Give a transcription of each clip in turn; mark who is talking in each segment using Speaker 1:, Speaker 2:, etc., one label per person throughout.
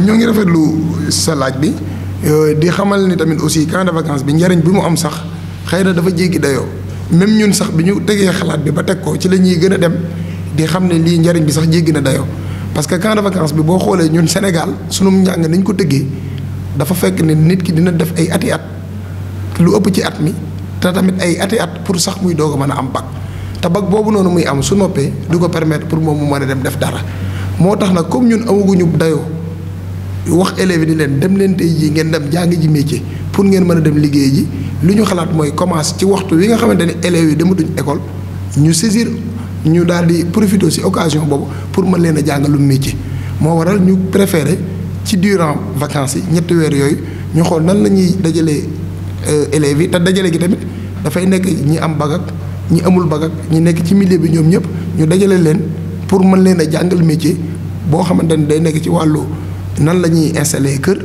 Speaker 1: ñoo ngi rafetlu sa laaj bi euh, di xamal ni tamit aussi camp de vacances bi njariñ bi mu am sax xeyna dafa jéggi dayo même ñun sax bi ñu tegee xalaat bi ba teg ko ci lañuy gën a dem di xam ne lii njariñ bi sax jéggi na dayo parce que camp de vacances bi boo xoolee ñun Sénégal sunu njàng nañ ko tëggee dafa fekk ne nit ki dina def ay ati at lu ëpp ci at mi te tamit ay ati at pour sax muy doog a mën a am bac te bac boobu noonu muy am su noppee du ko permettre pour moom mu mën a dem def dara moo tax nag comme ñun amaguñu dayoo wax élèves yi ni leen dem leen tey ngeen dem jàng ji métier pour ngeen mën a dem liggéey ji lu ñu xalaat mooy commence ci waxtu wi nga xamante ne élèves yi dematuñ école ñu saisir ñu daal di profiter ci occasion boobu pour mën leen a jàngalu métier moo waral ñu préféré ci durant vacance yi ñetti weer yooyu ñu xool nan la ñuy dajalee euh, élèves yi te dajale gi tamit dafay nekk ñi am bagak ñi amul bagak ñi nekk ci millier bi ñoom ñëpp ñu dajale leen pour mën leen a jàngal métier boo xamante ne day nekk ci wàllu nan lañuy ñuy installé kër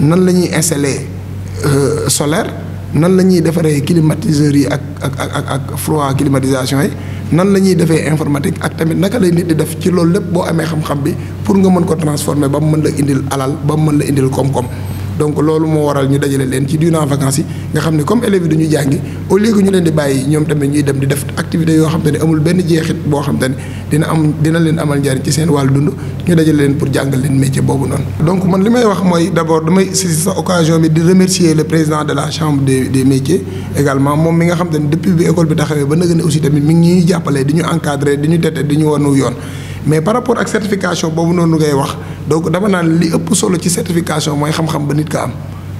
Speaker 1: nan lañuy ñuy installé euh, solaire nan lañuy ñuy defaree climatiseurs yi ak ak ak ak froid climatisation yi nan lañuy défé informatique ak tamit naka lay nit di def ci loolu lépp boo amee xam-xam bi pour nga mën ko transformer ba mu mën la indil alal ba mu mën la indil kom-kom donc loolu moo waral ñu dajale leen ci durant vacances yi nga xam ne comme élèves yi dañuy jàngi au lieu ñu leen di bàyyi ñoom tamit ñuy dem di def activité yoo xam te ne amul benn jeexit xam ne dina am dina leen amal njariñ ci seen wàllu dund ñu leen pour jàngal leen boobu noonu donc man li may wax mooy d'abord damay saisir sa occasion bi di remercier le président de la chambre des des métiers également moom mi nga xam te ne depuis bi école bi taxawee ba nag ne aussi tamit mi ngi ñuy jàppale di ñu encadrer di ñu tete di ñu wanu yoon mais par rapport ak certification boobu noonu ngay wax donc dama naan li ëpp solo ci certification mooy xam-xam ba nit ka am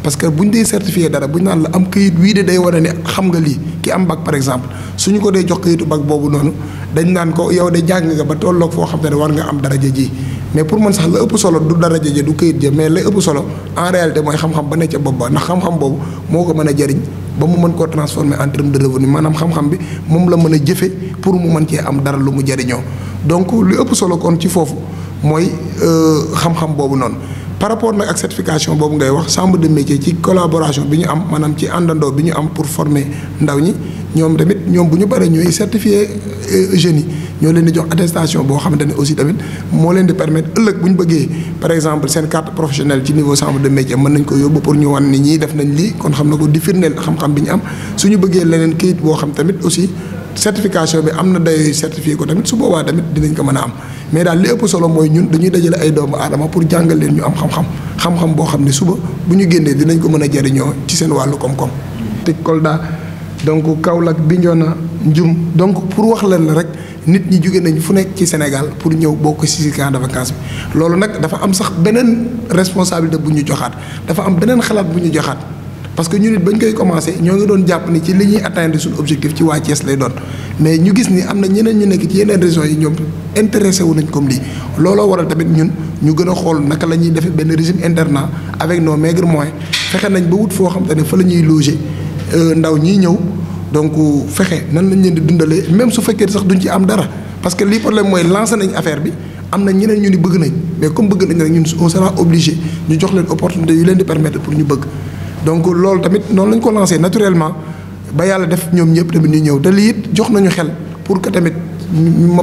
Speaker 1: parce que bu ñu dee certifié dara bu ñu naan la am këyit wii de day wane ne xam nga lii ki am mbag par exemple su ñu ko dee jox këyitu bac boobu noonu dañ naan ko yow de jàng nga ba tolloog foo xam ne war nga am daraja ji mais pour man sax la ëpp solo du daraja ji du këyit ja mais la ëpp solo en réalité mooy xam-xam ba ne ca ba ndax xam boobu moo ko mën a jëriñ ba mu mën koo transformer en terme de revenu maanaam xam-xam bi moom la mën a jëfe pour mu mën cee am dara lu mu jariñoo donc li ëpp solo kon ci foofu mooy euh, xam-xam boobu noonu par rapport nag ak certification boobu ngay wax chambre de métier ci collaboration bi ñu am maanaam ci àndandoo bi ñu am pour former ndaw ñi ñoom tamit ñoom bu ñu paree ñooy certifié euh, jeunes yi ñoo leen di jox attestation boo xam ne aussi tamit moo leen di permettre ëllëg bu ñu bëggee par exemple seen carte professionnelle ci niveau chambre de métier mën nañ ko yóbbu pour ñu wan ni ñii def nañ lii kon xam na ko di firndeel xam-xam bi ñu am su ñu bëggee leneen kayit boo xam tamit certification bi am na dayooyu certifié ko tamit su boobaa tamit dinañ ko mën a am mais daal li ëpp solo mooy ñun dañuy dajale ay doomu aadama pour jàngal leen ñu am xam-xam xam-xam boo xam ne suba bu ñu génnee dinañ ko mën a jariñoo ci seen wàllu koom-koom te Kolda donc Kaolack Bignona Ndioum donc pour wax leen la rek nit ñi jóge nañ fu nekk ci Sénégal pour ñëw bokk ci camp de vacances bi loolu nag dafa am sax beneen responsabilité bu ñu joxaat dafa am beneen xalaat bu ñu joxaat parce que ñun it bañ koy commencé ñoo ngi doon jàpp ni ci li ñuy atteindre suñu objectif ci waa Thiès lay doon mais ñu gis ni am na ñeneen ñu nekk ci yeneen régions yi ñoom intéressé wu nañ comme lii looloo waral tamit ñun ñu gën a xool naka la ñuy defee benn régime internat avec nos maigres moyens fexe nañ ba wut foo xam te ne fa la ñuy loger euh, ndaw ñi ñëw donc fexe nan lañ leen di dundalee même su fekkee sax duñ ci am dara parce que lii problème mooy lancé nañ affaire bi am na ñeneen ñu ni bëgg nañ mais comme bëgg nañ rek ñun on sera obligé ñu jox leen opportunité yu leen di permettre pour ñu bëgg donc loolu tamit non lañ ko lancer naturellement ba yalla def ñom ñëpp tamit ñu ñëw te li it jox nañu xel pour que tamit ma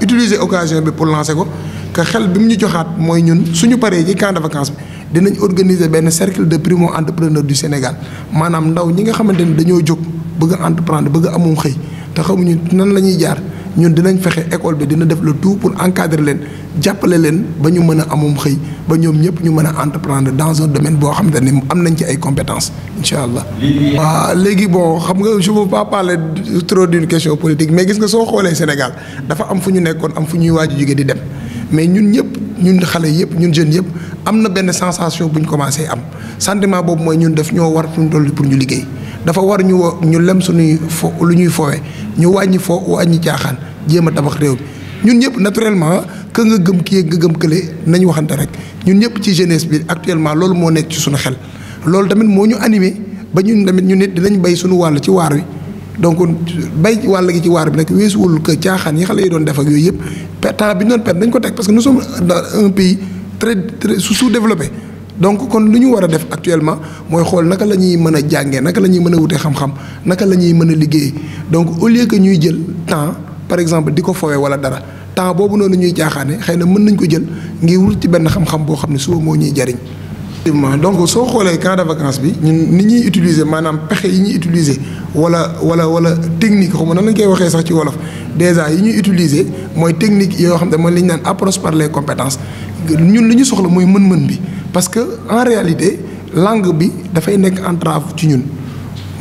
Speaker 1: utiliser occasion bi pour lancer ko que xel bi mu ñu joxaat moy ñun suñu paré ci camp de vacances bi dinañ organiser ben cercle de primo entrepreneur du Sénégal manam ndaw ñi nga xamanteni dañoo jog bëgg entreprendre bëgg a amum xëy te xamuñu nan lañuy jaar ñun dinañ fexé école bi dina def le tout pour encadrer leen jappalé leen ba ñu mëna amum xey ba ñom ñëpp ñu mëna entreprendre dans un domaine bo xam ne am nañ ci ay compétences inshallah allah. légui bon xam nga je veux pas parler trop d'une question politique mais gis nga so xolé Sénégal dafa am fu ñu nekkoon am fu ñuy waaj a di dem mais ñun ñëpp ñun xalé yëpp ñun jeune yëpp amna benn sensation buñ commencé am sentiment bobu moy ñun daf ñoo war fu ñu pour ñu liggéey dafa war ñu ñu lem suñu fo lu ñuy fowe ñu wàññi fo wàññi caaxaan jéem a tabax rew mi ñun ñëpp naturellement ke nga gëm ki nga gëm kele nañ waxante rek ñun ñëpp ci jeunesse bi actuellement loolu mo nekk ci suñu xel loolu tamit mo ñu animé ba ñun tamit ñu nit dinañ bay suñu wàll ci waar wi donc bay wàll gi ci waar bi nag weesuwul que caaxaan yi xale yi doon def ak yooyu yëpp temps bi ñu doon perdre dañ ko tek parce que nous sommes dans un pays très très sous-développé donc kon lu ñu war a def actuellement mooy xool naka la ñuy mën a jàngee naka la ñuy mën a wutee xam-xam naka la ñuy mën a liggéey donc au lieu que ñuy jël temps par exemple di ko fowee wala dara temps boobu noonu ñuy jaaxaane xëy na mën nañ ko jël ngir wut ci benn xam-xam boo xam ne suba moo ñuy jariñ donc soo xoolee camp de vacances bi ñun ni ñuy utiliser maanaam pexe yi ñuy utiliser wala wala wala technique xaw ma nan lañ koy waxee sax ci wolof déjà yi ñuy utiliser mooy technique yoo xam ne mooy li ñu naan approche par les compétences ñun li ñu soxla mooy mën-mën bi parce que en réalité langue bi da fay nek entrave ci ñun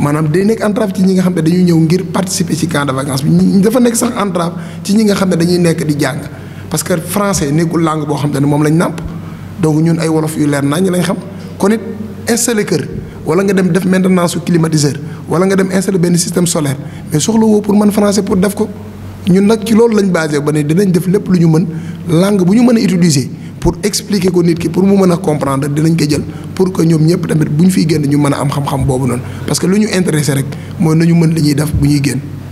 Speaker 1: manam day nek entrave ci ñi nga xam ne dañuy ñëw ngir participer ci camp de vacances bi dafa nek sax entrave ci ñi nga xam dañuy nek di jang parce que français nekul langue bo xam te ne lañ namp donc ñun ay wolof yu leer nañ lañ xam kon it installer kër wala nga dem def maintenance su climatiseur wala nga dem installer ben système solaire mais soxla wo pour man français pour def ko ñun nak ci loolu lañ basé ba ne dinañ def lepp lu ñu mën langue bu ñu mën utiliser pour expliquer ko nit ki pour mu meuna comprendre dinañ ko jël pour que ñom ñëpp tamit buñ fi fiy ñu meuna am xam-xam bobu noonu parce que luñu intéressé rek mooy nañu mën liñuy ñuy def bu ñuy